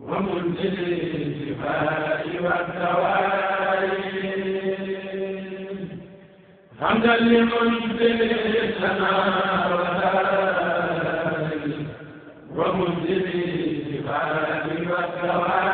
ومنزل الشفاء والدواء حمدا لمنزل لنا ومنزل الشفاء والدواء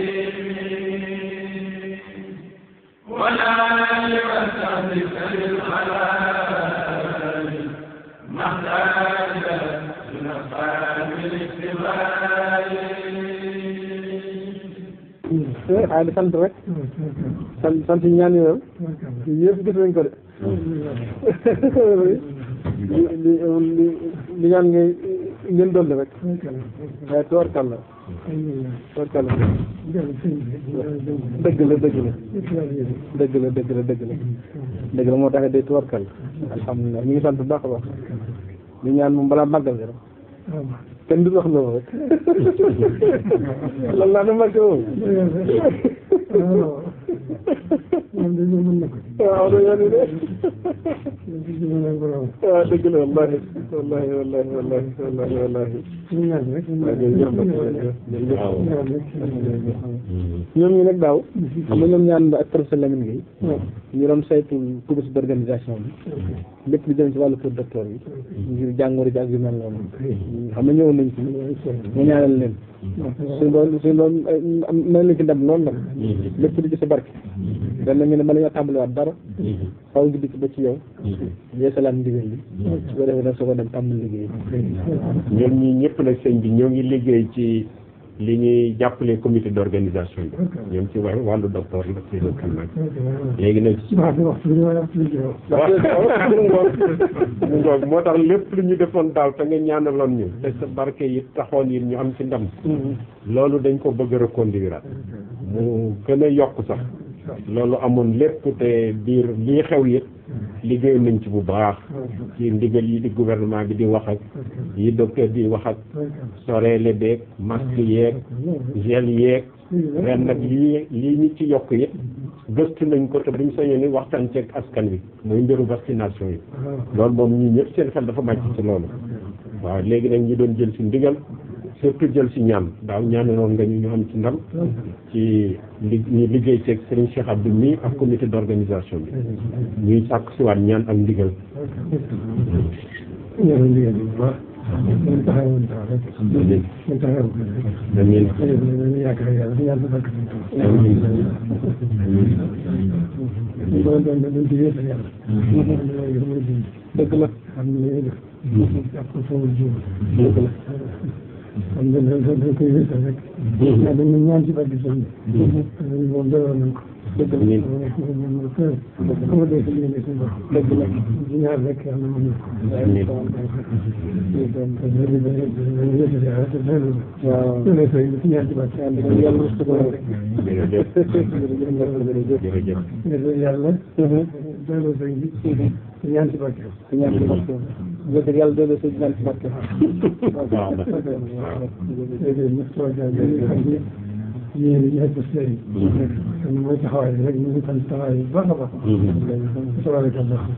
waaye di sant rek sant sant yi ñaan yooyu yëpp gis nañ ko de li li li li ñaan ngay ngeen dolli rek waaye toor kàlla toor kàlla dëgg la dëgg la dëgg la dëgg la dëgg la dëgg la moo taxee day toor kàlla alhamdulilah ñu ngi sant bu baax a baax li ñaan moom balaa màggal rek kenn du wax noonu rek lan laa dama ko moom. waaw waaw dëgg la wallaahi wallaahi wallaahi wallaahi wallaahi wallaahi ñoom ñi nag daaw xam nga ñoom ñaan ba ak professeur Lamine Gueye ñu doon saytu comité d'organisation bi lépp lu jëm ci wàllu kër docteur bi ngir jàngoro ji ak yu mel noonu xam nga ñëwoon nañ ci ñu ñaanal leen suñu doon suñu doon mën nañ ci ndam loolu nag lépp di ci sa barke dañ na ñu ne mën nañoo tàmbaliwaat dara faw gi dikk ba ci yow. Mhm. yeesalaat ndigal li. Mhm. su ko defee nag soo ko dem tàmbali liggéey. ñoom ñii ñëpp nag sëñ bi ñoo ngi liggéey ci li ñuy jàppale comité d'organisation bi. ñoom ci wàllu wàllu docteur la ci loolu kan nag. léegi nag. waaw bi waxtu bi moo tax lépp lu ñu defoon daaw te nga ñaanaloon ñu. te sa barke yi taxoon yi ñu am ci ndam. Mhm. loolu dañ ko bëgg a reconduire mu gën a yokk sax. loolu amoon lépp te biir lii xew yëpp liggéey nañ ci bu baax ci ndigal yi di gouvernement bi di wax ak yi docteur di wax ak soreele beeg masque yeeg gel yeeg ren nag lii lii ñi ci yokk yi gëstu nañ ko te buñ sañoon ni waxtaan ceeg askan bi muy mbiru vaccination yi ah. loolu moom ñi ñëpp seen xel dafa màcc ci loolu waaw léegi nag ñu doon jël ci ndigal surtout jël si ñaan daaw ñaanaloon nga ñu ñu am ci ndam ci li ñu liggéey ceeg Serigne Cheikh Abdou mi ak comité d'organisation bi ñuy sàkk si waat ñaan ak ndigal ñaan ndigal xam nga loolu dañ koy wér rek. waaw dañ ñu ñaan ci barke sëñ bi. moom delloo nañ ko. dëgg la moom xam nga si liggéey suñu bopp. dëgg la ñaar rek yàlla mën na ko. waaw ñu ne sëñ bi ñaan ci barke yàlla yàlla yàlla rek. jërëjëf jërëjëf jërëjëf yàlla. doyloo sëriñ bi. ñaan ci barke. ñaan ci barke. jërëjëf yàlla doyloo sëriñ ñaan ci barke. yéen ñu egg si léegi. kon mooy taxawaay bi rek ñu ngi tànn taxawaay bi baax a baax. jërëjëf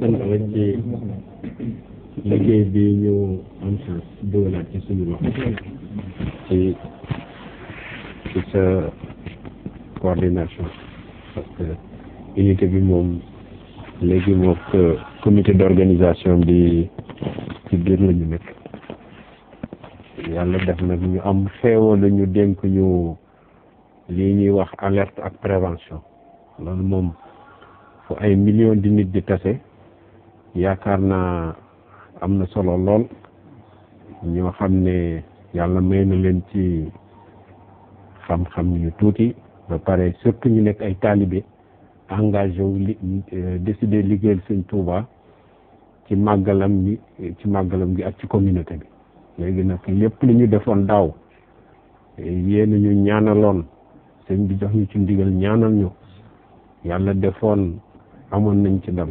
seen ci liggéey bi ñu am chance parce que unité bi moom léegi mook euh, comité d'organisation bi ci biir la nekk yàlla def nag ñu am xeewoo la ñu dénk ñu lii ñuy wax alerte ak prévention loolu moom fu ay millions di nit di tase yaakaar naa am na solo lool ñoo xam ne yàlla may na leen ci xam-xam yu tuuti ba pare surtout ñu nekk ay taalibe engagé wu li euh, décidé liggéeyal suñ tuubaa ci màggalam bi ci màggalam gi ak ci communauté bi léegi nag lépp li ñu defoon daaw yéen ñu ñaanaloon sëñ bi jox ñu ci ndigal ñaanal ñu yàlla defoon amoon nañ ci dam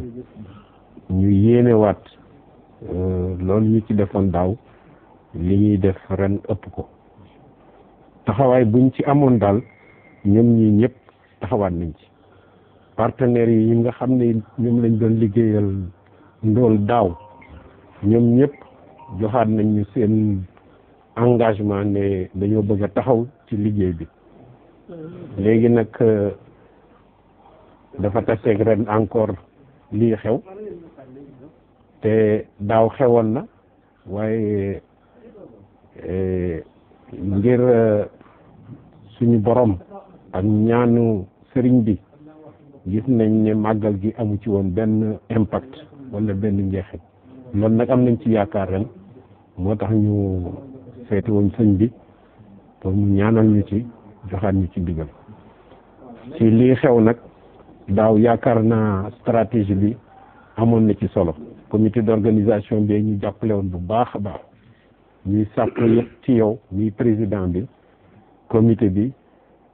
ñu yéenewaat euh, loolu ñu ci defoon daaw li ñuy def ren ëpp ko taxawaay buñ ci amoon daal ñoom ñi ñëpp taxawaat nañ ci partenaires yi ñu nga xam ne ñoom lañ doon liggéeyal ndool daaw ñoom ñëpp joxaat nañ ñu seen engagement ne dañoo bëgg a taxaw ci liggéey bi léegi nag euh, dafa taseeg ren encore lii xew te daaw xewoon na waaye e, ngir e, suñu borom ak ñaanu sëriñ bi gis nañ ne màggal gi amu ci woon benn impact wala benn njeexit loolu nag am nañ ci yaakaar moo tax ñu seeti woon sëñ bi pour mu ñaanal ñu ci joxaat ñu ci digal ci lii xew nag daaw yaakaar naa stratégie bi amoon na ci solo comité d'organisation bi ñu jàppalewoon bu baax a baax ñuy sàpp yëpp ci yow ñuy président bi comité bi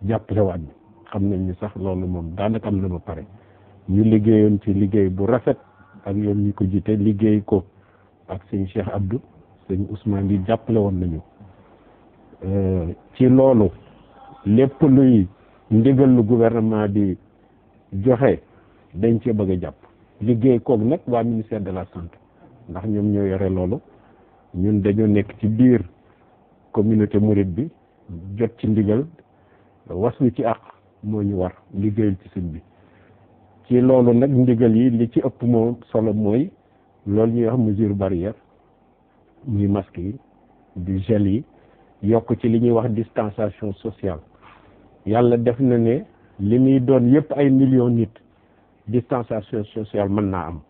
jàppalewaat bi xam nañ ni sax loolu moom daanaka am na ba pare ñu liggéeyoon ci liggéey bu rafet ak yoon ñu ko jiite liggéey ko ak sëñ Cheikh Abdou sëñ Ousmane bi jàppale woon nañu euh, ci loolu lépp luy ndigal lu gouvernement bi joxe dañ cee bëgg a jàpp liggéey koog nag waa ministère de la santé ndax ñoom ñoo yore loolu ñun dañoo nekk ci biir communauté mouride bi jot ci ndigal waslu ci àq moo ñu war liggéeyal ci bi ci loolu nag ndigal yi li ci ëpp moo solo mooy loolu ñuy wax mesure barrière muy masque yi di gel yi yokk ci li ñuy wax distansation sociale yàlla def na ne li muy doon yëpp ay millions nit distanciation sociale mën naa am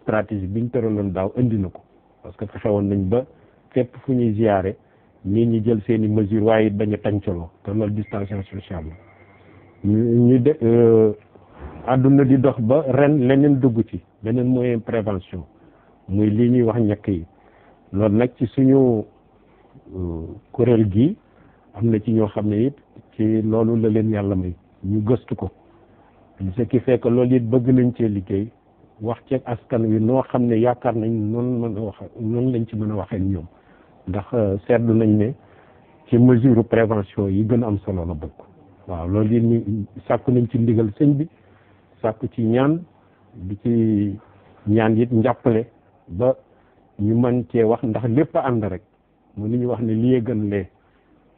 stratégie biñ tëraloon daaw indi na ko parce que fexe woon nañ ba fépp fu ñuy ziyaare nit ñi jël seen i mesure waaye it bañ a tàncaloo te loolu distanciation sociale la ñu de euh, àdduna di dox ba ren leneen dugg ci beneen moyen prévention muy lii ñuy wax ñàkk yi loolu nag ci suñu euh, kuréel gi am na ci ñoo xam ne it ci loolu la leen yàlla may ñu gëstu ko ce qui fait que loolu yit bëgg nañ cee liggéey wax ceeg askan wi noo xam ne yaakaar nañ noonu lañ ci mën a waxee ñoom ndax euh, seetlu nañ ne ci mesure prévention yi gën a am solo la bokk waaw loolu it ñu sàkku nañ ci ndigal sëñ bi sàkku ci ñaan di ci ñaan it njàppale ba ñu mën cee wax ndax lépp a rek mu ni ñu wax ne liy gën lee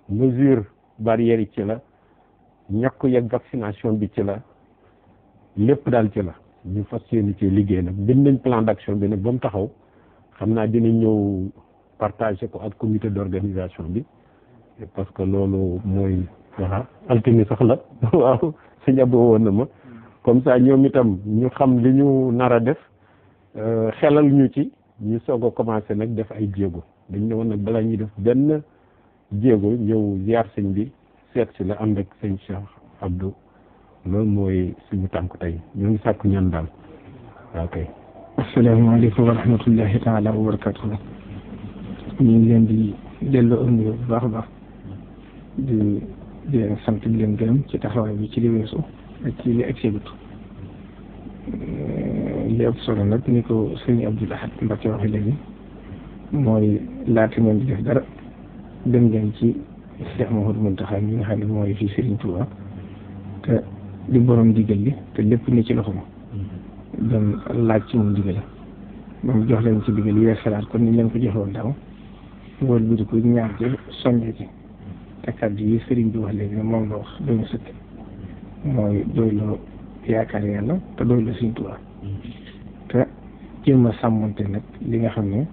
mesure barrière ci la ñàkku yeeg vaccination bi ci la lépp daal ci la ñu fas yéene ci liggéey nag bind nañ plan d'action bi nag ba mu taxaw xam naa dinañ ñëw partager ko ak comité d'organisation bi parce que loolu mooy waaw altine sax la waaw sëñ Abou woon na ma comme ça ñoom itam ñu xam li ñu nar a def euh, xelal ñu ci ñu soog a commencé nag def ay jéego dañ ne woon nag balaa ñuy def benn jéego ñëw yaar sëñ bi seet si la am ak sëñ Cheikh Abdou loolu mooy suñu tànk tey ñu ngi sàkku ñaan daal waaw kay. asalaamaaleykum wa rahmatullahi taala wa barakatuh ñu ngi leen di delloo am bu baax a baax di di sant di leen gërëm ci taxawaay bi ci li weesu ak solo nag ni ko sëñ Abdoul Ahad Mbacké waxee léegi mooy laata ngeen di def dara dem ngeen ci Cheikh Mouhamadou Mountakha mi nga xam ne mooy fii Serigne Touba te di boroom ndigal li te lépp ni ci loxo ma mm-hmm. doon laaj ci moom ndigal ba jox leen ci ndigal yi xalaat kon ni leen ko joxewoon daaw ngoor bi di ko ñaar ci soññe ci te kàddu yi sëriñ bi wax léegi ne moom la wax doñu sëkk mooy yaakaar yàlla te doyloo Sëriñ Tuubaa mm-hmm. te a sàmmante nag li nga xam ne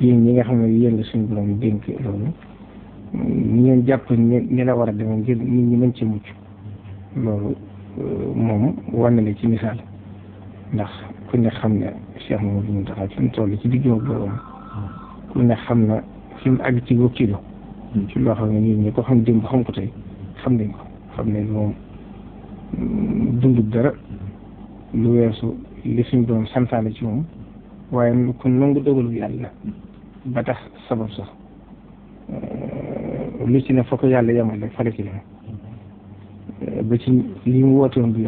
yéen ñi nga xam ne yéen la suñu borom dénk loolu ñi ngeen jàpp ni la war a demee ngir nit ñi mën ci mucc mm-hmm. loolu moom wane na ci misaal ndax ku ne xam ne Cheikh Mamadou Mountakha fi mu toll ci diggam ak borom ne xam na fi àgg ci wëkkilu ci loo xam ne ñun ko xam démb xam ko tey xam nañ ko xam nañ moom dundub dara lu weesu li suñ doon santaane ci moom waaye ku nangu dogalu yàlla ba tax sabab sax euh, lu ci ne foo ko yàlla yemale fale ci la ba ci li mu woote woon bu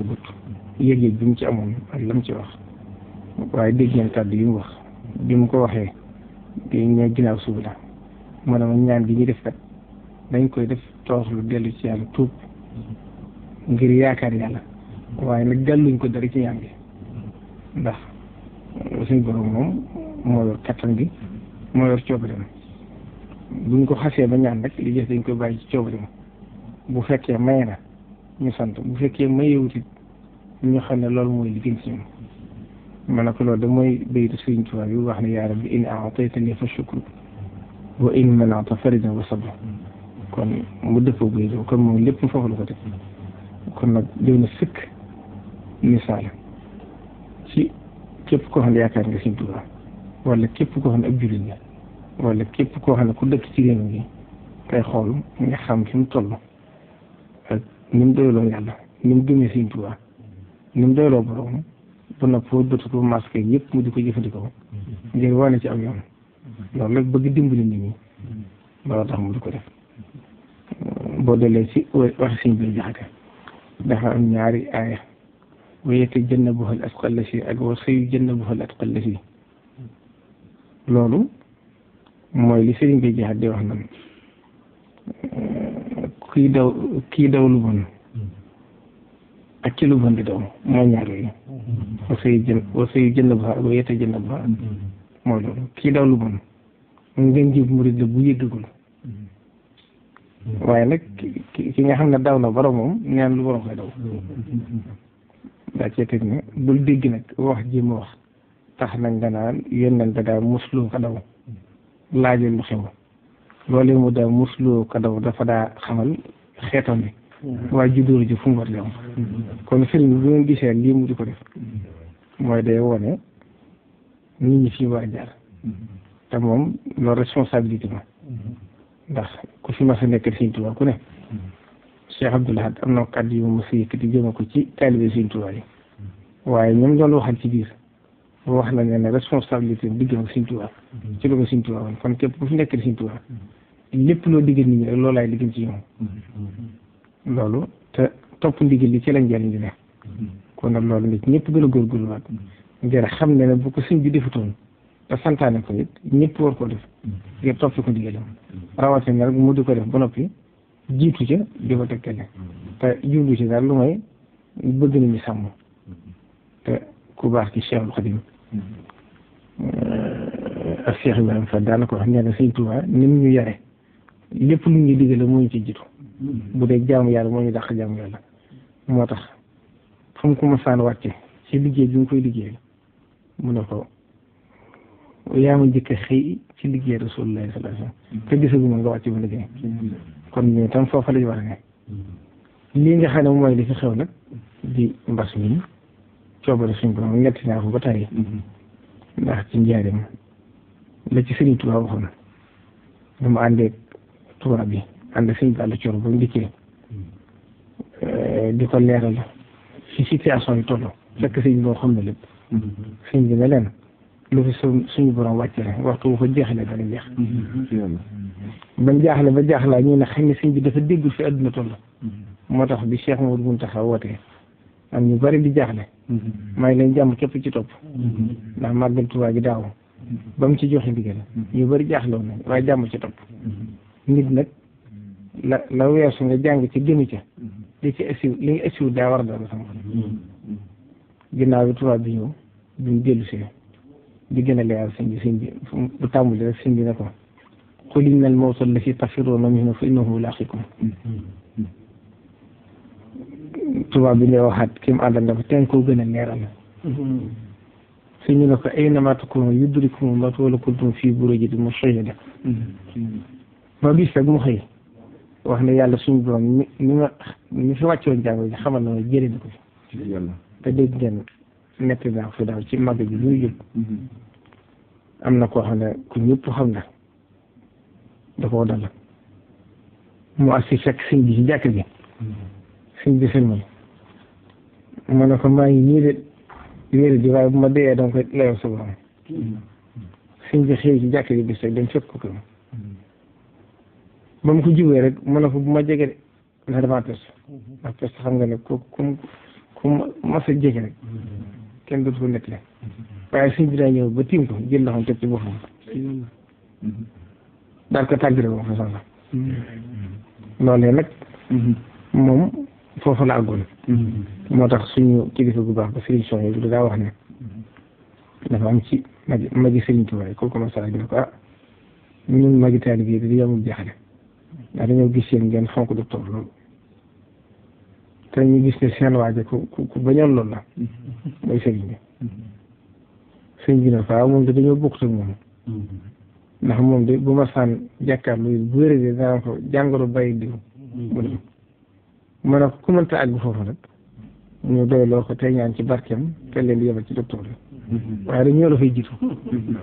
yëg-yëg bi mu ci amoon ak la mu ci wax waaye dégg kàddu yi mu wax bi mu ko waxee di ñëw ginnaaw suba ñaan gi ñu def dañ koy def tooxlu dellu ci yàlla tuub ngir yaakaar yàlla waaye nag delluñ ko dara ndax suñ borom moom moo yor kattan gi moo yor coobareem buñ ko xasee ba ñaan rek li jëf dañ koy bàyyi ci coobareem bu fekkee may na ñu sant bu fekkee mayewutit ñu xam ne loolu mooy li gën ci ñoom ma ko loolu da mooy baytu Sëriñ Tuubaa bi wax ne yaa rabbi in a'taytani fa shukru wa in mana'ta farida wa sabr kon mu dëppoo baytu kon moom lépp foofu la ko teg kon nag def na sëkk misaal ci képp koo xam ne yaakaar nga képp koo xam ne ab jullit nga képp koo xam ne ku dëkk ci réew mi ngay xool nga xam fi mu toll ni mu doyloo yàlla ni mu gëmee Sëñ Tuubaa ni mu doyloo borom ba noppoo dootul masque yëpp mu di ko jëfandikoo ngir wane ci am yoon loolu rek bëgg dimbali nit ñi loolu tax mu di ko def boo delee ci wax Sëñ bi jaxate dafa am ñaari aaya wa yatajannabuha al-atqa allati ak wa sayujannabuha al-atqa allati loolu mooy li sëriñ bi jaxat di wax nan kuy daw kii daw lu bon ak ci lu bon di daw mooy ñaar yooyu wasay jën wasay jënd baax ba yete jënd baax mooy loolu kii daw lu bon mu ngeen jib murid la bu yëggagul waaye nag ki nga xam ne daw na borom moom neen lu borom koy daw daa cee teg ne dégg nag wax ji wax tax nañ danaan yónneen da daa musloo ko daw laajal lu xew loolu mu da muslu ko dafa daa xamal xeetam bi mm-hmm. waaye juddóor ji fu mu war di mm-hmm. kon sëriñ bi bu ngeen gisee lii mu di ko def mm-hmm. mooy day wone ni ñi fii war a jaar te moom loolu responsabilité ma ndax ku fi mas a nekk Sëriñ Tuubaa ku ne Cheikh Abdoul Ahad am na kàddu yu ma si yëkkati jëme ko ci taalibe Sëriñ Tuubaa yi waaye ñoom doon waxal ci biir wax nañ ne responsabilité bi diggam Sëriñ Tuubaa mhm. ci la ko Sëriñ Tuubaa woon kon képp ku fi nekk Sëriñ Tuubaa lépp loo diggal nit loolu laay diggal ci ñoom mhm. loolu te topp ndigal li ci lañ njëriñ di ne mhm. kon nag loolu nit ñëpp gën a góorgóorluwaat ngir xam ne ne bu ko sëñ bi defutoon te santaane ko it ñëpp war koo def ngir topp ko ndigalam rawatina rek mu di ko def ba noppi jiitu ca di ko tegtale te jublu ci daal lu may bëgg mi sàmm te ku baax ci Cheikhul Euh, ak Cheikh Ibrahima Fall daanaka wax nee na sëñ Tuubaa ni mu ñu yare lépp lu ñu digale moo ñu ci jiitu bu dee jaamu yàlla moo ñu daq jaamu yàlla moo tax fu mu ko mosaan wàcce ci liggéey bi mu koy liggéey mu ne ko yaa ma njëkk a xëy ci liggéey Rasulullaahi sallallaahu alayhi wa sallam te nga wàcc ba liggéey kon ñu tam foofa lañu ne lii nga xam ne mooy li fi xew nag di mbas mi coobare suñ borom ñetti naa ko ba tàyyi mm-hmm. ndax ci njaarim la ci sëriñ Tuubaa waxoon lu mu tubaab bi ànd sëñ bi àll coor ba mu dikkee mm-hmm. eh, di ko leeral ci situation yi toll fekk sëñ boo xam ne lépp mm-hmm. sëñ bi ne leen lu fi suñu borom wàcce waxtu bu fa jeexalee dana jeex ba mu jaaxle ba jaaxlaa ñu ne xam ne sëñ bi dafa déggul fi àdduna toll moo tax bi Cheikh Mawud a wootee am ñu bari di jaaxle mm-hmm. may leen jàmm képp ci topp mm-hmm. ndax màggal Tuubaa gi daaw mm-hmm. ba mu ci joxe ndigal ñu bari jaaxle woon nañ waaye jàmm ci topp nit nag la la weesu nga jàng ci gënu ca ci essiw li nga essiw daa war a doon sama ginnaaw bi bi ñëw bi mu dellu si di gën a leeral sëñ bi sëñ bi bu tàmbali rek sëñ bi ne ko xuliñ nal mawtal si fi tafiroo na minhu fa innahu laaqikum tubaab bi lay waxaat ki mu àndal dafa teen koo gën a leeral suñu ne ko aynama takunu yudrikumul mawt wala kuntum fii burujin mushayyada ba bis rek mu xëy wax ne yàlla suñu borom mi mi ma mi fi wàccoon jàngo ji xamal na ma jëlee fi te dégg am na koo xam ne ku ñëpp xam na da koo dal mu assi fekk sëñ bi ci jàkk bi sëñ bi sëlmal ma ne ko maa ngi nii de wéeru ji waaye bu ma dee dama koy layoo sa borom sëñ bi xëy ci jàkk ji bis rek dem fekk ko këram ba mu ko jubee rek ma ne ko bu ma jege de ndax damaa tos ndax tos xam nga ne ku ku ku mas a jege rek kenn dootu ko nettali waaye sëñ bi daa ñëw ba tiim ko jël loxoom teg ci boppam daal ko tàggale ba mu fa sax noonu nag moom foofu la àggoon mm-hmm. moo tax suñu kilifa gu baax ba Serigne Sonia bi daa wax ne dafa am ci magi magi Serigne Touba yi kooku masala ñu ne ko ah ñun magi taalibe yi di yamul jaxle ndax dañoo gis yéen ngeen fonk docteur loolu te ñu gis ne seen waaje ku ku bañoon loolu la mm-hmm. mooy Serigne bi mm-hmm. sëñ bi ne faa ah, moom de daa bokk ak moom ndax moom de bu ma saan jàkkaarloo bu wéree de ma ne ko ku mënta àgg foofu nag ñu doyloo ko tey ñaan ci barkeem te leen di ci docteur yi mm-hmm. waaye dañ ñoo la fay jiitu mm-hmm.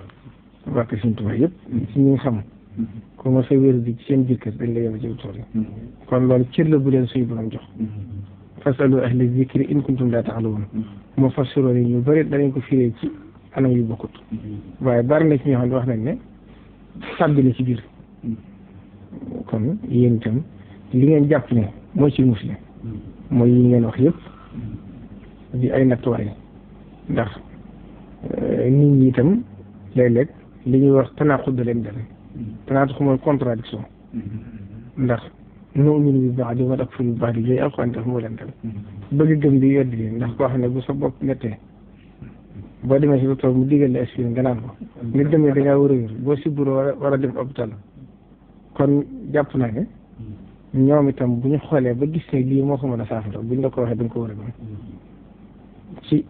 barke suñ tubaab yëpp si ñi nga xam mm-hmm. ku ma sa wér di ci seen jëkkër dañ la yebal ci docteur bi kon loolu cër la bu leen suy borom jox fasalu ahli zikri in kuntum laa ta'lamuun moo fassiroon yi ñu bëri danañ ko firee ci anam yu bokkut waaye bari na ci ñoo xam ne wax nañ ne sàbbi ci biir kon yéen itam li ngeen jàpp ne moo ci muslim mooy yi ngeen wax yëpp di ay nattuwaay ndax euh, nit ñi tam léeg-léeg li ñuy wax tanaaxud da leen def tanaaxud mooy contradiction ndax nu'minu bi ba'di wa nakfuru bi ba'di yooyu alxuraan def moo ba def bëgg gëm di yedd yi ndax koo xam ne bu sa bopp nettee boo demee si docteur mu digal la aspirin nga naan ko nit dem da ngaa war a wér boo si buro war a dem hôpital kon jàpp naa ñoom itam bu ñu xoolee ba gis ne lii moo ko mën a bu ñu la ko waxee dañ ko war a gëm ci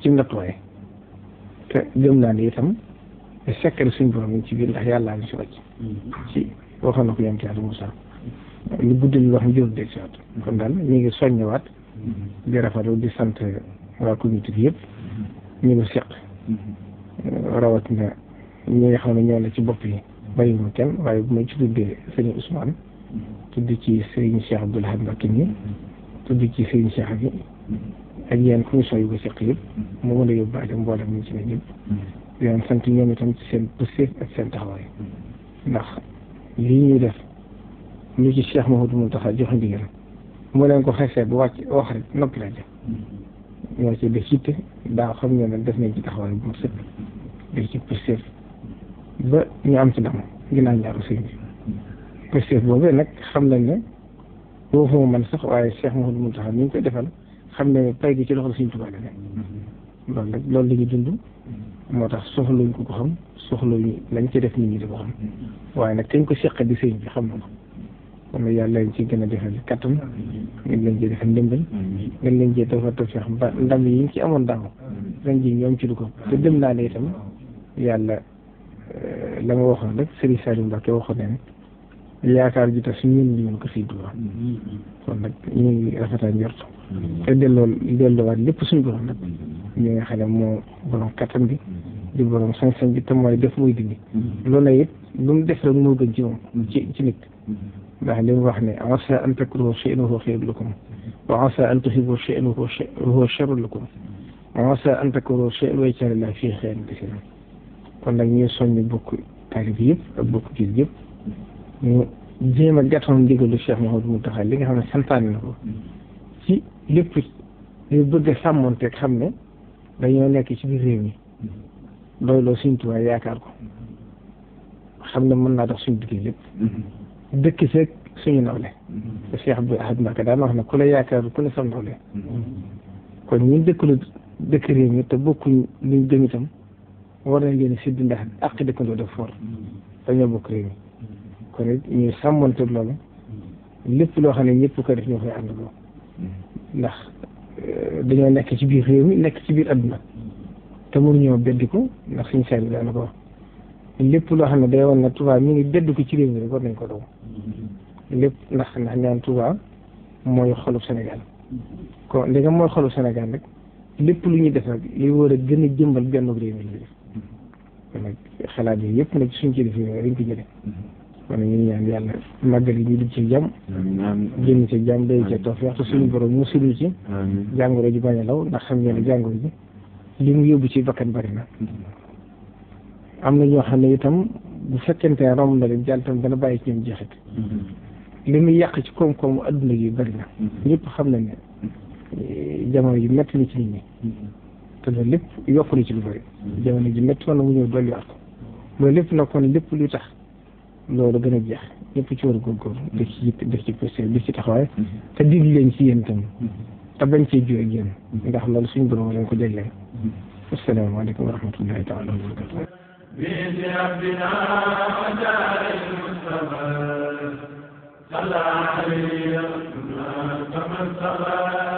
ci nattuwaay te gëm naa ne itam te sekkari suñ borom yi ci biir ndax yàllaa ñu si wàcc ci waxoon na ko yonent Yàlla Moussa lu guddi lu wax njur dég siwaat kon daal ñu ngi soññewaat di rafetlu di sant waa communauté bi yëpp ñu ngi seq rawatina ñi nga xam ne ñoo ci bopp yi bàyyi mu kenn waaye bu ma ci tuddee sëñ Ousmane tudd ci sëriñ Cheikh Abdoul Ahad Mbacké mi tudd ci sëriñ Cheikh bi ak yenn commission yu ko seq yëpp moo mën a yóbbaale mboolem ñu ci ne ñëpp di leen sant ñoom itam ci seen pësteef ak seen taxawaay ndax lii ñuy def lu ci Cheikh Mouhamadou Mountakha joxe ndigal moo leen ko xesee bu wàcc wax rek noppi la ñoo ci def daa xam ne def nañ ci taxawaay bu mu sëpp def ci pësteef ba ñu am ci ndam ginnaaw ñaaru sëriñ bi pêcheur boobu nag xam nañ ne boo man sax waaye Cheikh Mouhamadou tax ñu ngi koy defal xam ne pay gi ci loxo Sëriñ Tuubaa la ne loolu nag loolu la ñu dund moo tax soxlawuñ ko ko xam soxlawuñ lañ ci def nit ngi di ko xam waaye nag kañ ko seqal di sëñ bi xam na ko kon yàlla lañ ci gën a defal kattan ngeen leen ci defal ndimbal ngeen leen ci defal tawfeex ba ndam yi ñu ci amoon daaw ren ji ñoom ci du ko te dem naa ne itam yàlla eh, la ma waxoon rek Serigne Saliou Mbacke waxoon ne yaakaar ji te su yéen ko fii Touba kon nag ñu ngi rafetal njort te delloo delloowaat lépp suñu borom nag ñu nga xam ne moo borom kattan di borom sañ-sañ bi te mooy def muy dindi loolu lu mu def rek moo gën ci moom ci li mu wax ne asa an takrahu shay'an wa huwa khayrun lakum wa an tuhibbu shay'an wa huwa sharrun lakum wa an takrahu shay'an wa yaj'ala Allahu fiihi kon nag ñu soññ bokk taalib yëpp bokk gis yëpp ñu jéem a gàttoon ndigalu Cheikh Mouhamadou Mountakha li nga xam ne santaane na ci lépp ñu bëgg xam ne dañoo nekk ci biir réew mi doy loo suñ tuwaay yaakaar ko xam ne mën naa tax suñ digg lépp dëkk suñu nawle te Cheikh Abdou Ahad Mbacké wax ne ku la yaakaar ku la kon ñun dëkkalu dëkk réew mi bokkuñ luñ gëm itam war nañ leen a siddi ndax àq dëkkandoo def for dañoo bokk réew kon it ñuy sàmmante loolu lépp loo xam ne ñëpp ko def ñoo koy àndandoo ndax euh, dañoo nekk ci biir réew mi nekk ci biir àdduna te mënuñoo beddi ko ndax suñu saa yi daana lépp loo xam ne day woon mi ngi beddi ko ci réew nañ ko daw lépp ndax ndax ñaan Touba mooy xolub Sénégal kon li nga mooy xolub Sénégal rek lépp lu ñuy def rek li war a gën a jëmbal benn réew mi la def xalaat yi yëpp nag suñ ci def dañ ko jëlee. kon ñu ñaan yàlla màggal yi ñu dugg ci jàmm génn ci jàmm day ci tawfeex te suñu borom mu suñu ci jàngoro ji bañ a law ndax xam ngeen ne jàngoro ji li mu yóbbu ci bakkan bari na am na ñoo xam ne itam bu fekkente ne romb na leen jàll itam dana bàyyi ci ñoom jeexit li muy yàq ci koom-koomu adduna yi bari na ñëpp xam nañ ne eh, jamono yi métti na ci nit ñi te loolu lépp yokk na ci lu bari jamono ji métti woon mu ñëw dolliwaat ko loolu lépp nag kon lépp lu tax loolu gën a jeex ñëpp ci war a góorgóor def ci yëpp def ci posté mm-hmm. te dig leen ci yéen tam mm-hmm. te bañ cee jiw ak mm-hmm. loolu suñu borom lañ ko jagleel asalaamaaleykum wa rahmatullahi taala wa barakatuh بيد ربنا دار المصطفى صلى عليه